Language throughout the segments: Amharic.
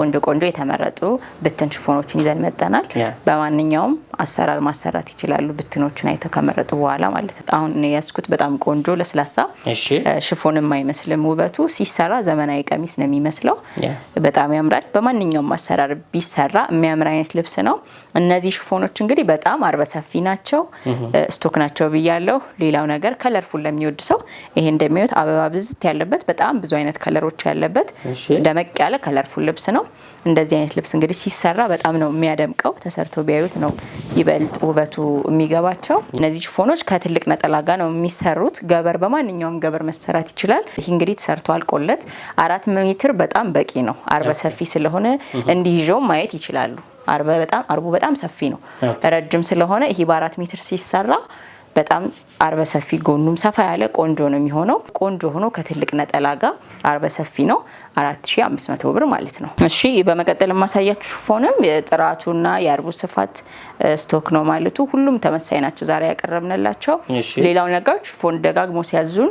ቆንጆ ቆንጆ የተመረጡ ብትን ሽፎኖችን ይዘን መጠናል። በማንኛውም አሰራር ማሰራት ይችላሉ። ብትኖቹን አይተው ከመረጡ በኋላ ማለት ነው። አሁን ያስኩት በጣም ቆንጆ ለስላሳ ሽፎንም አይመስልም። ውበቱ ሲሰራ ዘመናዊ ቀሚስ ነው የሚመስለው። በጣም ያምራል። በማንኛውም አሰራር ቢሰራ የሚያምር አይነት ልብስ ነው። እነዚህ ሽፎኖች እንግዲህ በጣም አርበሰፊ ናቸው፣ ስቶክ ናቸው ብያለው። ሌላው ነገር ከለርፉን ለሚወድ ሰው ይሄ እንደሚወት አበባ ብዝት ያለበት በጣም ብዙ አይነት ከለሮች ያለበት ደመቅ ያለ ከለርፉን ልብስ ነው። እንደዚህ አይነት ልብስ እንግዲህ ሲሰራ በጣም ነው የሚያደምቀው። ተሰርቶ ቢያዩት ነው ይበልጥ ውበቱ የሚገባቸው እነዚህ ሽፎኖች ከትልቅ ነጠላ ጋር ነው የሚሰሩት። ገበር በማንኛውም ገበር መሰራት ይችላል። ይህ እንግዲህ ተሰርቶ አልቆለት አራት ሜትር በጣም በቂ ነው። አርበ ሰፊ ስለሆነ እንዲይዘው ማየት ይችላሉ። አርበ በጣም አርቡ በጣም ሰፊ ነው፣ ረጅም ስለሆነ ይሄ በአራት ሜትር ሲሰራ በጣም አርበ ሰፊ ጎኑም ሰፋ ያለ ቆንጆ ነው የሚሆነው። ቆንጆ ሆኖ ከትልቅ ነጠላ ጋር አርበ ሰፊ ነው 4500 ብር ማለት ነው። እሺ በመቀጠል የማሳያችሁ ሽፎንም የጥራቱና የአርቡ ስፋት ስቶክ ነው ማለቱ ሁሉም ተመሳይ ናቸው ዛሬ ያቀረብንላቸው። ሌላው ነገር ሽፎን ደጋግሞ ሲያዙን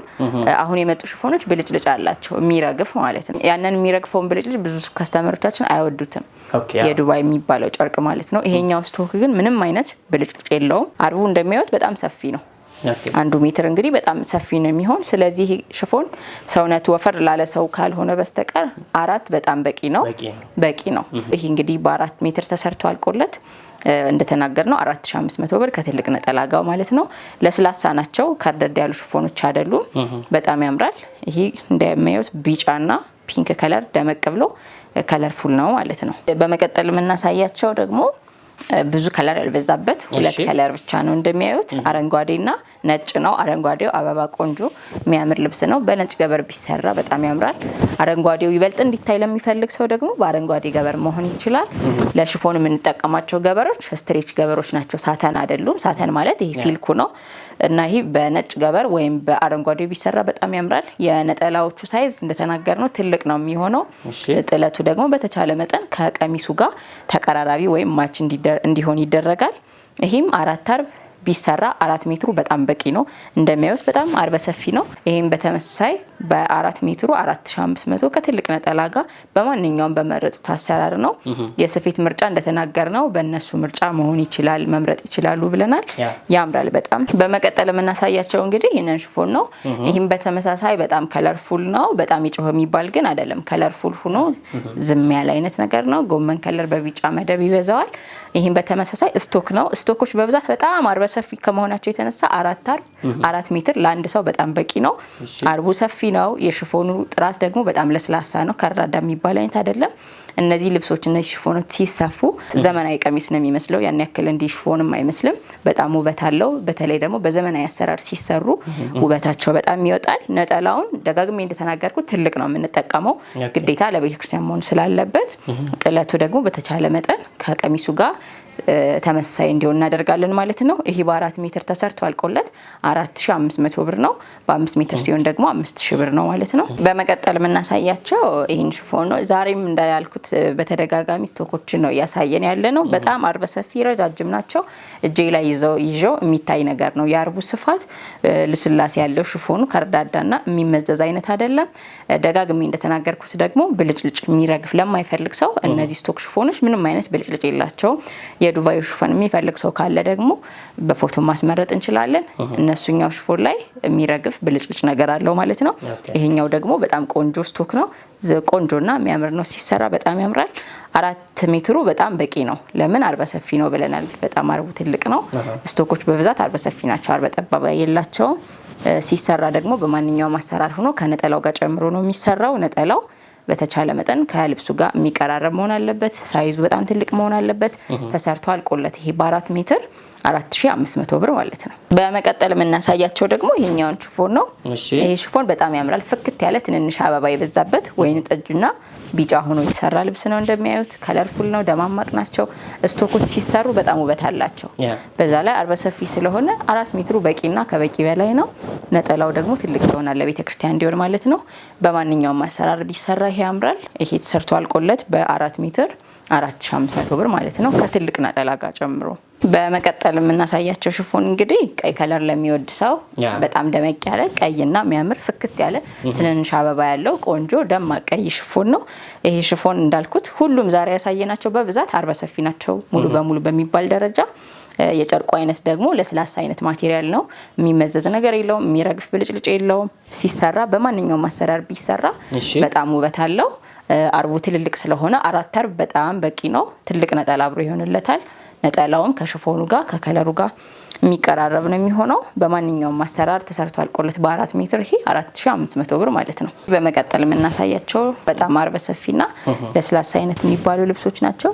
አሁን የመጡ ሽፎኖች ብልጭልጭ አላቸው የሚረግፍ ማለት ነው። ያንን የሚረግፈውን ብልጭልጭ ብዙ ከስተመሮቻችን አይወዱትም የዱባይ የሚባለው ጨርቅ ማለት ነው። ይሄኛው ስቶክ ግን ምንም አይነት ብልጭልጭ የለውም። አርቡ እንደሚያዩት በጣም ሰፊ ነው። አንዱ ሜትር እንግዲህ በጣም ሰፊ ነው የሚሆን። ስለዚህ ሽፎን ሰውነቱ ወፈር ላለ ሰው ካልሆነ በስተቀር አራት በጣም በቂ ነው በቂ ነው። ይህ እንግዲህ በአራት ሜትር ተሰርቶ አልቆለት እንደተናገር ነው 4500 ብር ከትልቅ ነጠላ ጋው ማለት ነው። ለስላሳ ናቸው፣ ከርደድ ያሉ ሽፎኖች አይደሉም። በጣም ያምራል። ይሄ እንደሚያዩት ቢጫና ፒንክ ከለር ደመቅ ብሎ ከለርፉል ነው ማለት ነው። በመቀጠል የምናሳያቸው ደግሞ ብዙ ከለር ያልበዛበት ሁለት ከለር ብቻ ነው እንደሚያዩት፣ አረንጓዴና ነጭ ነው። አረንጓዴው አበባ ቆንጆ የሚያምር ልብስ ነው። በነጭ ገበር ቢሰራ በጣም ያምራል። አረንጓዴው ይበልጥ እንዲታይ ለሚፈልግ ሰው ደግሞ በአረንጓዴ ገበር መሆን ይችላል። ለሽፎን የምንጠቀማቸው ገበሮች ስትሬች ገበሮች ናቸው፣ ሳተን አይደሉም። ሳተን ማለት ይሄ ሲልኩ ነው። እና ይህ በነጭ ገበር ወይም በአረንጓዴ ቢሰራ በጣም ያምራል። የነጠላዎቹ ሳይዝ እንደተናገር ነው ትልቅ ነው የሚሆነው። ጥለቱ ደግሞ በተቻለ መጠን ከቀሚሱ ጋር ተቀራራቢ ወይም ማች እንዲሆን ይደረጋል። ይህም አራት አርብ ቢሰራ አራት ሜትሩ በጣም በቂ ነው። እንደሚያዩት በጣም አርበ ሰፊ ነው። ይህም በተመሳሳይ በአራት ሜትሩ አራት ሺ አምስት መቶ ከትልቅ ነጠላ ጋር በማንኛውም በመረጡት አሰራር ነው። የስፌት ምርጫ እንደተናገር ነው በእነሱ ምርጫ መሆን ይችላል፣ መምረጥ ይችላሉ ብለናል። ያምራል በጣም በመቀጠል የምናሳያቸው እንግዲህ ይህንን ሽፎን ነው። ይህም በተመሳሳይ በጣም ከለርፉል ነው። በጣም ይጮህ የሚባል ግን አይደለም። ከለርፉል ሁኖ ዝም ያለ አይነት ነገር ነው። ጎመን ከለር በቢጫ መደብ ይበዛዋል። ይህም በተመሳሳይ ስቶክ ነው። ስቶኮች በብዛት በጣም አርበ ሰፊ ከመሆናቸው የተነሳ አራት አርብ አራት ሜትር ለአንድ ሰው በጣም በቂ ነው። አርቡ ሰፊ ነው። የሽፎኑ ጥራት ደግሞ በጣም ለስላሳ ነው፣ ከራዳ የሚባል አይነት አይደለም። እነዚህ ልብሶች እነዚህ ሽፎኖች ሲሰፉ ዘመናዊ ቀሚስ ነው የሚመስለው። ያን ያክል እንዲህ ሽፎንም አይመስልም። በጣም ውበት አለው። በተለይ ደግሞ በዘመናዊ አሰራር ሲሰሩ ውበታቸው በጣም ይወጣል። ነጠላውን ደጋግሜ እንደተናገርኩ ትልቅ ነው የምንጠቀመው፣ ግዴታ ለቤተክርስቲያን መሆን ስላለበት። ጥለቱ ደግሞ በተቻለ መጠን ከቀሚሱ ጋር ተመሳሳይ እንዲሆን እናደርጋለን ማለት ነው። ይሄ በአራት ሜትር ተሰርቶ አልቆለት አራት ሺ አምስት መቶ ብር ነው። በአምስት ሜትር ሲሆን ደግሞ አምስት ሺ ብር ነው ማለት ነው። በመቀጠል የምናሳያቸው ይህን ሽፎን ነው። ዛሬም እንዳያልኩ እንዳልኩት በተደጋጋሚ ስቶኮችን ነው እያሳየን ያለ ነው። በጣም አርበ ሰፊ ረጃጅም ናቸው። እጄ ላይ ይዘው ይዘው የሚታይ ነገር ነው። የአርቡ ስፋት ልስላሴ ያለው ሽፎኑ ከርዳዳና የሚመዘዝ አይነት አይደለም። ደጋግሜ እንደተናገርኩት ደግሞ ብልጭልጭ የሚረግፍ ለማይፈልግ ሰው እነዚህ ስቶክ ሽፎኖች ምንም አይነት ብልጭልጭ የላቸውም። የዱባዩ ሽፎን የሚፈልግ ሰው ካለ ደግሞ በፎቶ ማስመረጥ እንችላለን። እነሱኛው ሽፎን ላይ የሚረግፍ ብልጭልጭ ነገር አለው ማለት ነው። ይሄኛው ደግሞ በጣም ቆንጆ ስቶክ ነው። ቆንጆና የሚያምር ነው። ሲሰራ በጣም ያምራል። አራት ሜትሩ በጣም በቂ ነው። ለምን አርበ ሰፊ ነው ብለናል። በጣም አርቡ ትልቅ ነው። ስቶኮች በብዛት አርበ ሰፊ ናቸው። አርበ ጠባባ የላቸውም። ሲሰራ ደግሞ በማንኛውም አሰራር ሆኖ ከነጠላው ጋር ጨምሮ ነው የሚሰራው ነጠላው በተቻለ መጠን ከልብሱ ጋር የሚቀራረብ መሆን አለበት። ሳይዙ በጣም ትልቅ መሆን አለበት። ተሰርቶ አልቆለት ይሄ በአራት ሜትር 4500 ብር ማለት ነው። በመቀጠል የምናሳያቸው ደግሞ ይሄኛውን ሽፎን ነው። ይሄ ሽፎን በጣም ያምራል። ፍክት ያለ ትንንሽ አበባ የበዛበት ወይን ጠጅና ቢጫ ሆኖ የተሰራ ልብስ ነው እንደሚያዩት፣ ከለርፉል ነው፣ ደማማቅ ናቸው። ስቶኮች ሲሰሩ በጣም ውበት አላቸው። በዛ ላይ አርበ ሰፊ ስለሆነ አራት ሜትሩ በቂና ከበቂ በላይ ነው። ነጠላው ደግሞ ትልቅ ይሆናል ለቤተ ክርስቲያን እንዲሆን ማለት ነው። በማንኛውም አሰራር ቢሰራ ይሄ ያምራል። ይሄ ተሰርቶ አልቆለት በአራት ሜትር አራት ሺ አምስት መቶ ብር ማለት ነው ከትልቅ ነጠላ ጋር ጨምሮ በመቀጠል የምናሳያቸው ሽፎን እንግዲህ ቀይ ከለር ለሚወድ ሰው በጣም ደመቅ ያለ ቀይና የሚያምር ፍክት ያለ ትንንሽ አበባ ያለው ቆንጆ ደማቅ ቀይ ሽፎን ነው። ይሄ ሽፎን እንዳልኩት ሁሉም ዛሬ ያሳየናቸው በብዛት አርበ ሰፊ ናቸው ሙሉ በሙሉ በሚባል ደረጃ። የጨርቁ አይነት ደግሞ ለስላሳ አይነት ማቴሪያል ነው። የሚመዘዝ ነገር የለውም፣ የሚረግፍ ብልጭልጭ የለውም። ሲሰራ በማንኛውም አሰራር ቢሰራ በጣም ውበት አለው። አርቡ ትልልቅ ስለሆነ አራት አርብ በጣም በቂ ነው። ትልቅ ነጠላ አብሮ ይሆንለታል። ነጠላውም ከሽፎኑ ጋር ከከለሩ ጋር የሚቀራረብ ነው የሚሆነው። በማንኛውም አሰራር ተሰርቶ አልቆለት በአራት ሜትር ይሄ 4500 ብር ማለት ነው። በመቀጠል የምናሳያቸው በጣም አርበ ሰፊና ለስላሳ አይነት የሚባሉ ልብሶች ናቸው።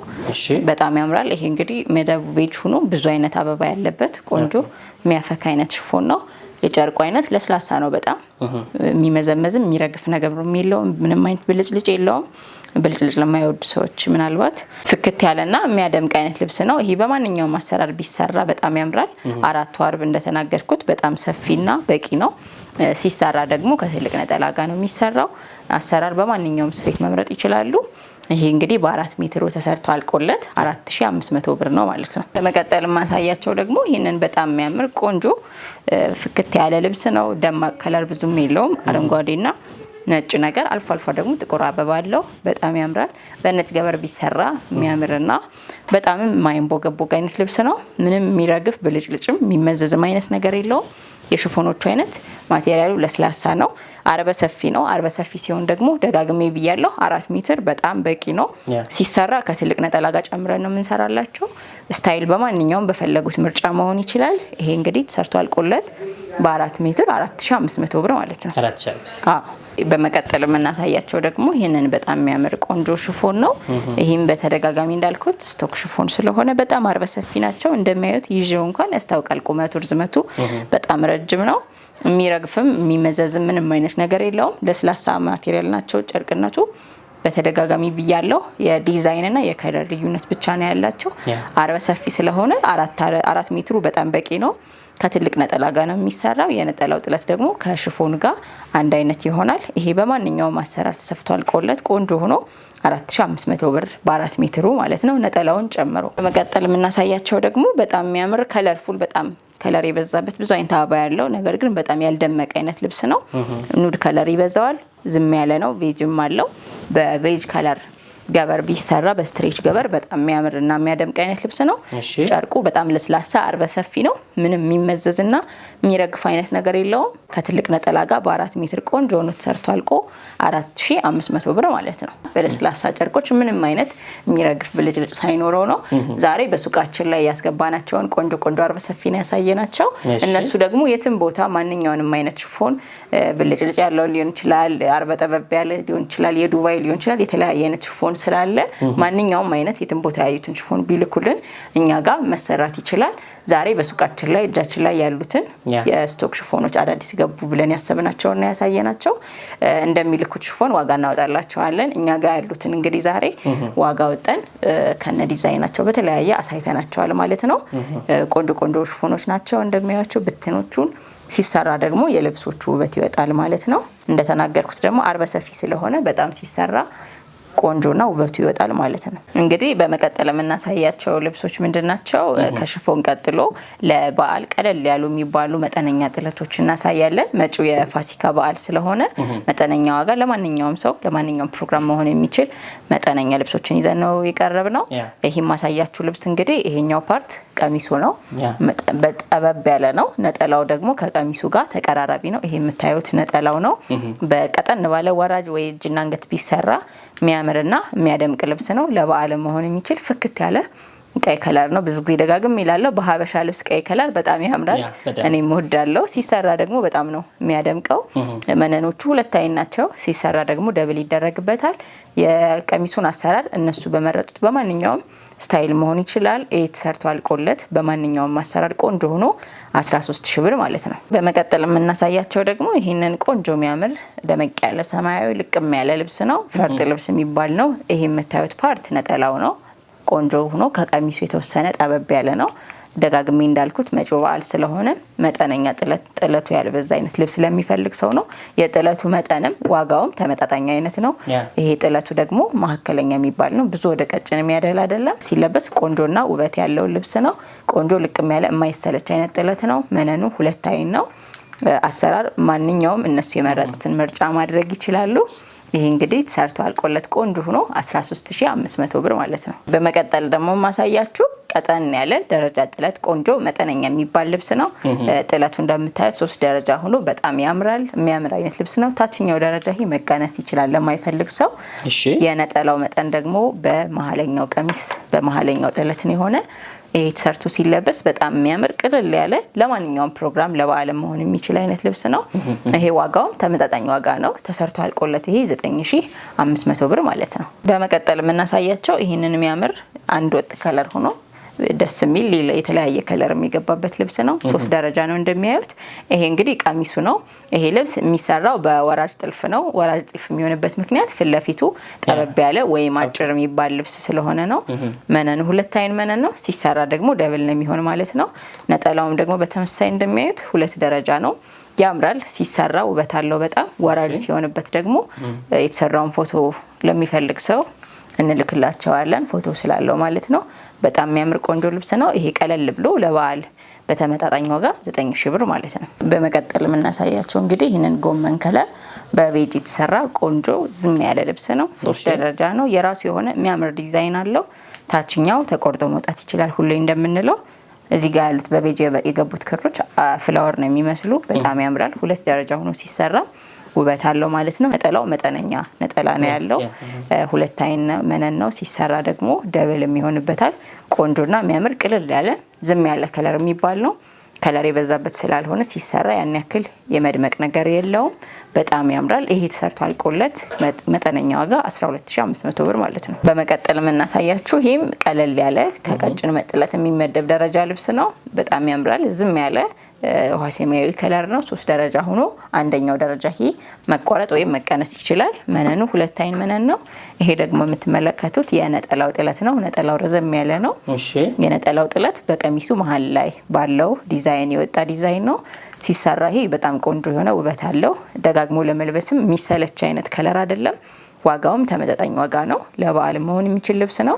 በጣም ያምራል። ይሄ እንግዲህ መደቡ ቤጅ ሆኖ ብዙ አይነት አበባ ያለበት ቆንጆ የሚያፈካ አይነት ሽፎን ነው። የጨርቁ አይነት ለስላሳ ነው። በጣም የሚመዘመዝም የሚረግፍ ነገር የለውም። ምንም አይነት ብልጭልጭ የለውም። ብልጭልጭ ለማይወዱ ሰዎች ምናልባት ፍክት ያለና የሚያደምቅ አይነት ልብስ ነው። ይሄ በማንኛውም አሰራር ቢሰራ በጣም ያምራል። አራቱ አርብ እንደተናገርኩት በጣም ሰፊና በቂ ነው። ሲሰራ ደግሞ ከትልቅ ነጠላ ጋር ነው የሚሰራው። አሰራር በማንኛውም ስፌት መምረጥ ይችላሉ። ይሄ እንግዲህ በአራት ሜትሩ ተሰርቶ አልቆለት 4500 ብር ነው ማለት ነው። በመቀጠል የማሳያቸው ደግሞ ይህንን በጣም የሚያምር ቆንጆ ፍክት ያለ ልብስ ነው። ደማቅ ከለር ብዙም የለውም። አረንጓዴና ነጭ ነገር አልፎ አልፎ ደግሞ ጥቁር አበባ አለው። በጣም ያምራል። በነጭ ገበር ቢሰራ የሚያምርና በጣም የማይንቦገቦግ አይነት ልብስ ነው። ምንም የሚረግፍ ብልጭልጭም የሚመዘዝም አይነት ነገር የለውም። የሽፎኖቹ አይነት ማቴሪያሉ ለስላሳ ነው። አርበ ሰፊ ነው። አርበ ሰፊ ሲሆን ደግሞ ደጋግሜ ብያለሁ አራት ሜትር በጣም በቂ ነው። ሲሰራ ከትልቅ ነጠላ ጋር ጨምረን ነው የምንሰራላቸው። ስታይል በማንኛውም በፈለጉት ምርጫ መሆን ይችላል። ይሄ እንግዲህ ተሰርቶ አልቆለት በአራት ሜትር አራት ሺ አምስት መቶ ብር ማለት ነው። በመቀጠል የምናሳያቸው ደግሞ ይህንን በጣም የሚያምር ቆንጆ ሽፎን ነው። ይህም በተደጋጋሚ እንዳልኩት ስቶክ ሽፎን ስለሆነ በጣም አርበሰፊ ናቸው። እንደሚያዩት ይዤው እንኳን ያስታውቃል። ቁመቱ ርዝመቱ በጣም ረጅም ነው። የሚረግፍም የሚመዘዝም ምንም አይነት ነገር የለውም። ለስላሳ ማቴሪያል ናቸው። ጨርቅነቱ በተደጋጋሚ ብያለው የዲዛይንና የከለር ልዩነት ብቻ ነው ያላቸው። አርበሰፊ ስለሆነ አራት ሜትሩ በጣም በቂ ነው። ከትልቅ ነጠላ ጋር ነው የሚሰራው። የነጠላው ጥለት ደግሞ ከሽፎን ጋር አንድ አይነት ይሆናል። ይሄ በማንኛውም አሰራር ተሰፍቶ አልቆለት ቆንጆ ሆኖ 4500 ብር በአራት ሜትሩ ማለት ነው ነጠላውን ጨምሮ። በመቀጠል የምናሳያቸው ደግሞ በጣም የሚያምር ከለርፉል በጣም ከለር የበዛበት ብዙ አይነት አበባ ያለው ነገር ግን በጣም ያልደመቀ አይነት ልብስ ነው። ኑድ ከለር ይበዛዋል። ዝም ያለ ነው። ቬጅም አለው። በቬጅ ከለር ገበር ቢሰራ በስትሬች ገበር በጣም የሚያምር እና የሚያደምቅ አይነት ልብስ ነው። ጨርቁ በጣም ለስላሳ አርበ ሰፊ ነው። ምንም የሚመዘዝና የሚረግፍ አይነት ነገር የለውም። ከትልቅ ነጠላ ጋር በአራት ሜትር ቆንጆ ሆኖ ተሰርቶ አልቆ አራት ሺ አምስት መቶ ብር ማለት ነው። በለስላሳ ጨርቆች ምንም አይነት የሚረግፍ ብልጭልጭ ሳይኖረው ነው ዛሬ በሱቃችን ላይ ያስገባናቸውን ቆንጆ ቆንጆ አርበ ሰፊ ነው ያሳየናቸው። እነሱ ደግሞ የትም ቦታ ማንኛውንም አይነት ሽፎን ብልጭልጭ ያለው ሊሆን ይችላል፣ አርበ ጠበብ ያለ ሊሆን ይችላል፣ የዱባይ ሊሆን ይችላል የተለያየ አይነት ሽፎን ፕሮግራም ስላለ ማንኛውም አይነት የትም ቦታ ያዩትን ሽፎን ቢልኩልን እኛ ጋር መሰራት ይችላል። ዛሬ በሱቃችን ላይ እጃችን ላይ ያሉትን የስቶክ ሽፎኖች አዳዲስ ገቡ ብለን ያሰብናቸውና ያሳየናቸው እንደሚልኩት ሽፎን ዋጋ እናወጣላቸዋለን። እኛ ጋር ያሉትን እንግዲህ ዛሬ ዋጋ ወጠን ከነ ዲዛይናቸው በተለያየ አሳይተናቸዋል ማለት ነው። ቆንጆ ቆንጆ ሽፎኖች ናቸው እንደሚያቸው ብትኖቹን ሲሰራ ደግሞ የልብሶቹ ውበት ይወጣል ማለት ነው። እንደተናገርኩት ደግሞ አርበ ሰፊ ስለሆነ በጣም ሲሰራ ቆንጆና ውበቱ ይወጣል ማለት ነው። እንግዲህ በመቀጠል የምናሳያቸው ልብሶች ምንድን ናቸው? ከሽፎን ቀጥሎ ለበዓል ቀለል ያሉ የሚባሉ መጠነኛ ጥለቶች እናሳያለን። መጪው የፋሲካ በዓል ስለሆነ መጠነኛ ዋጋ ለማንኛውም ሰው ለማንኛውም ፕሮግራም መሆን የሚችል መጠነኛ ልብሶችን ይዘን ነው የቀረብ ነው። ይህ ማሳያችሁ ልብስ እንግዲህ ይሄኛው ፓርት ቀሚሱ ነው። በጠበብ ያለ ነው። ነጠላው ደግሞ ከቀሚሱ ጋር ተቀራራቢ ነው። ይሄ የምታዩት ነጠላው ነው። በቀጠን ባለ ወራጅ ወይ እጅና አንገት ቢሰራ የሚያምርና የሚያደምቅ ልብስ ነው። ለበዓል መሆን የሚችል ፍክት ያለ ቀይ ከለር ነው። ብዙ ጊዜ ደጋግም ይላለው በሀበሻ ልብስ ቀይ ከለር በጣም ያምራል። እኔም ወዳለው። ሲሰራ ደግሞ በጣም ነው የሚያደምቀው። መነኖቹ ሁለት አይን ናቸው። ሲሰራ ደግሞ ደብል ይደረግበታል። የቀሚሱን አሰራር እነሱ በመረጡት በማንኛውም ስታይል መሆን ይችላል። ኤት ተሰርቶ አልቆለት በማንኛውም አሰራር ቆንጆ ሆኖ 13 ሺህ ብር ማለት ነው። በመቀጠል የምናሳያቸው ደግሞ ይህንን ቆንጆ የሚያምር ደመቅ ያለ ሰማያዊ ልቅም ያለ ልብስ ነው። ፈርጥ ልብስ የሚባል ነው። ይሄ የምታዩት ፓርት ነጠላው ነው። ቆንጆ ሆኖ ከቀሚሱ የተወሰነ ጠበብ ያለ ነው። ደጋግሜ እንዳልኩት መጪው በዓል ስለሆነ መጠነኛ ጥለት ጥለቱ ያልበዛ አይነት ልብስ ለሚፈልግ ሰው ነው። የጥለቱ መጠንም ዋጋውም ተመጣጣኝ አይነት ነው። ይሄ ጥለቱ ደግሞ መካከለኛ የሚባል ነው። ብዙ ወደ ቀጭን የሚያደል አይደለም። ሲለበስ ቆንጆና ውበት ያለው ልብስ ነው። ቆንጆ ልቅም ያለ የማይሰለች አይነት ጥለት ነው። መነኑ ሁለት አይን ነው። አሰራር ማንኛውም እነሱ የመረጡትን ምርጫ ማድረግ ይችላሉ። ይህ እንግዲህ ተሰርቶ አልቆለት ቆንጆ ሆኖ 13500 ብር ማለት ነው። በመቀጠል ደግሞ ማሳያችሁ ቀጠን ያለ ደረጃ ጥለት ቆንጆ መጠነኛ የሚባል ልብስ ነው። ጥለቱ እንደምታዩት ሶስት ደረጃ ሆኖ በጣም ያምራል። የሚያምር አይነት ልብስ ነው። ታችኛው ደረጃ ይሄ መቀነስ ይችላል ለማይፈልግ ሰው። የነጠላው መጠን ደግሞ በመሀለኛው ቀሚስ በመሀለኛው ነው የሆነ ኤይት ሰርቱ ሲለበስ በጣም የሚያምር ቅልል ያለ ለማንኛውም ፕሮግራም ለበዓል መሆን የሚችል አይነት ልብስ ነው። ይሄ ዋጋውም ተመጣጣኝ ዋጋ ነው። ተሰርቶ አልቆለት ይሄ 9500 ብር ማለት ነው። በመቀጠል የምናሳያቸው ይህንን የሚያምር አንድ ወጥ ከለር ሆኖ ደስ የሚል የተለያየ ከለር የሚገባበት ልብስ ነው። ሶስት ደረጃ ነው እንደሚያዩት። ይሄ እንግዲህ ቀሚሱ ነው። ይሄ ልብስ የሚሰራው በወራጅ ጥልፍ ነው። ወራጅ ጥልፍ የሚሆንበት ምክንያት ፊት ለፊቱ ጠበብ ያለ ወይም አጭር የሚባል ልብስ ስለሆነ ነው። መነኑ ሁለት አይን መነን ነው። ሲሰራ ደግሞ ደብል ነው የሚሆን ማለት ነው። ነጠላውም ደግሞ በተመሳሳይ እንደሚያዩት ሁለት ደረጃ ነው። ያምራል ሲሰራ ውበት አለው በጣም ወራጅ ሲሆንበት ደግሞ የተሰራውን ፎቶ ለሚፈልግ ሰው እንልክላቸዋለን ፎቶ ስላለው ማለት ነው። በጣም የሚያምር ቆንጆ ልብስ ነው። ይሄ ቀለል ብሎ ለበዓል በተመጣጣኝ ዋጋ 9000 ብር ማለት ነው። በመቀጠል የምናሳያቸው እንግዲህ ይህንን ጎመን ከለር በቤጅ የተሰራ ቆንጆ ዝም ያለ ልብስ ነው። ሶስት ደረጃ ነው። የራሱ የሆነ የሚያምር ዲዛይን አለው። ታችኛው ተቆርጦ መውጣት ይችላል። ሁሌ እንደምንለው እዚህ ጋር ያሉት በቤጅ የገቡት ክሮች ፍላወር ነው የሚመስሉ በጣም ያምራል። ሁለት ደረጃ ሆኖ ሲሰራ ውበት አለው ማለት ነው። ነጠላው መጠነኛ ነጠላ ነው ያለው። ሁለት አይን መነን ነው ሲሰራ ደግሞ ደብልም ይሆንበታል። ቆንጆና የሚያምር ቅልል ያለ ዝም ያለ ከለር የሚባል ነው። ከለር የበዛበት ስላልሆነ ሲሰራ ያን ያክል የመድመቅ ነገር የለውም። በጣም ያምራል። ይሄ ተሰርቶ አልቆለት መጠነኛ ዋጋ 12500 ብር ማለት ነው። በመቀጠል የምናሳያችሁ ይህም ቀለል ያለ ከቀጭን መጥለት የሚመደብ ደረጃ ልብስ ነው። በጣም ያምራል። ዝም ያለ ውሃ ሰማያዊ ከለር ነው። ሶስት ደረጃ ሆኖ አንደኛው ደረጃ ይሄ መቋረጥ ወይም መቀነስ ይችላል። መነኑ ሁለት አይን መነን ነው። ይሄ ደግሞ የምትመለከቱት የነጠላው ጥለት ነው። ነጠላው ረዘም ያለ ነው። የነጠላው ጥለት በቀሚሱ መሀል ላይ ባለው ዲዛይን የወጣ ዲዛይን ነው። ሲሰራ ይሄ በጣም ቆንጆ የሆነ ውበት አለው። ደጋግሞ ለመልበስም የሚሰለች አይነት ከለር አይደለም። ዋጋውም ተመጣጣኝ ዋጋ ነው። ለበዓል መሆን የሚችል ልብስ ነው።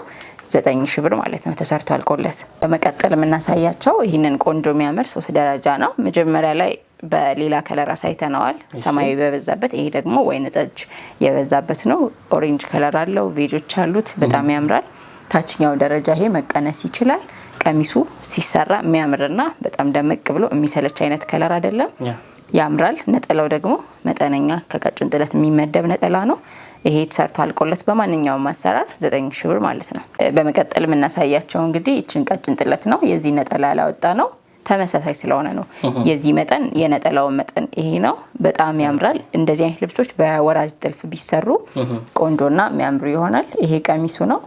ዘጠኝ ሺ ብር ማለት ነው ተሰርቶ አልቆለት። በመቀጠል የምናሳያቸው ይህንን ቆንጆ የሚያምር ሶስት ደረጃ ነው። መጀመሪያ ላይ በሌላ ከለር አሳይተነዋል፣ ሰማያዊ በበዛበት። ይሄ ደግሞ ወይን ጠጅ የበዛበት ነው። ኦሬንጅ ከለር አለው፣ ቬጆች አሉት፣ በጣም ያምራል። ታችኛው ደረጃ ይሄ መቀነስ ይችላል። ቀሚሱ ሲሰራ የሚያምርና በጣም ደመቅ ብሎ የሚሰለች አይነት ከለር አይደለም። ያምራል። ነጠላው ደግሞ መጠነኛ ከቀጭን ጥለት የሚመደብ ነጠላ ነው። ይሄ ተሰርቶ አልቆለት በማንኛውም አሰራር ዘጠኝ ሺ ብር ማለት ነው። በመቀጠል የምናሳያቸው እንግዲህ እችን ቀጭን ጥለት ነው። የዚህ ነጠላ ያላወጣ ነው ተመሳሳይ ስለሆነ ነው። የዚህ መጠን የነጠላውን መጠን ይሄ ነው። በጣም ያምራል። እንደዚህ አይነት ልብሶች በወራጅ ጥልፍ ቢሰሩ ቆንጆና የሚያምሩ ይሆናል። ይሄ ቀሚሱ ነው።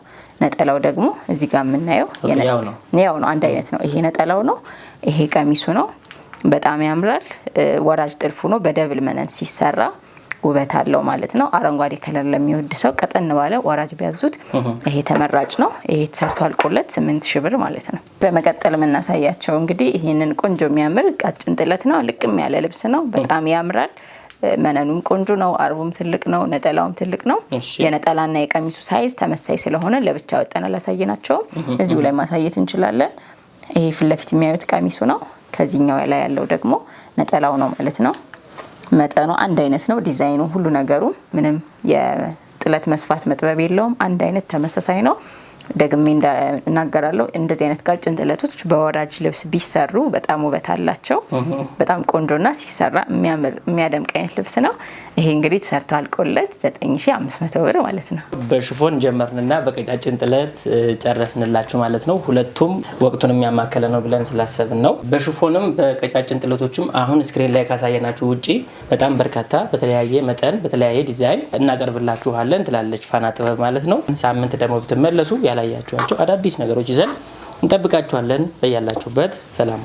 ነጠላው ደግሞ እዚህ ጋር የምናየው ያው ነው፣ አንድ አይነት ነው። ይሄ ነጠላው ነው። ይሄ ቀሚሱ ነው። በጣም ያምራል። ወራጅ ጥልፍ ሆኖ በደብል መነን ሲሰራ ውበት አለው ማለት ነው። አረንጓዴ ከለር ለሚወድ ሰው ቀጠን ባለ ወራጅ ቢያዙት ይሄ ተመራጭ ነው። ይሄ ተሰርቶ አልቆለት ስምንት ሺ ብር ማለት ነው። በመቀጠል የምናሳያቸው እንግዲህ ይህንን ቆንጆ የሚያምር ቀጭን ጥለት ነው። ልቅም ያለ ልብስ ነው። በጣም ያምራል። መነኑም ቆንጆ ነው። አርቡም ትልቅ ነው። ነጠላውም ትልቅ ነው። የነጠላና የቀሚሱ ሳይዝ ተመሳይ ስለሆነ ለብቻ ወጠን አላሳየናቸውም። እዚሁ ላይ ማሳየት እንችላለን። ይሄ ፊት ለፊት የሚያዩት ቀሚሱ ነው። ከዚህኛው ላይ ያለው ደግሞ ነጠላው ነው ማለት ነው። መጠኑ አንድ አይነት ነው። ዲዛይኑ ሁሉ ነገሩ ምንም የጥለት መስፋት መጥበብ የለውም። አንድ አይነት ተመሳሳይ ነው። ደግሜ እናገራለሁ። እንደዚህ አይነት ቀጭን ጥለቶች በወራጅ ልብስ ቢሰሩ በጣም ውበት አላቸው። በጣም ቆንጆና ሲሰራ የሚያምር የሚያደምቅ አይነት ልብስ ነው። ይሄ እንግዲህ ተሰርቶ አልቆለት 9500 ብር ማለት ነው። በሽፎን ጀመርንና በቀጫጭን ጥለት ጨረስንላችሁ ማለት ነው። ሁለቱም ወቅቱን የሚያማከለ ነው ብለን ስላሰብን ነው። በሽፎንም በቀጫጭን ጥለቶችም አሁን ስክሪን ላይ ካሳየናችሁ ውጪ በጣም በርካታ በተለያየ መጠን በተለያየ ዲዛይን እናቀርብላችኋለን ትላለች ፋና ጥበብ ማለት ነው። ሳምንት ደግሞ ብትመለሱ ያለ ያላያችኋቸው አዳዲስ ነገሮች ይዘን እንጠብቃችኋለን። በያላችሁበት ሰላም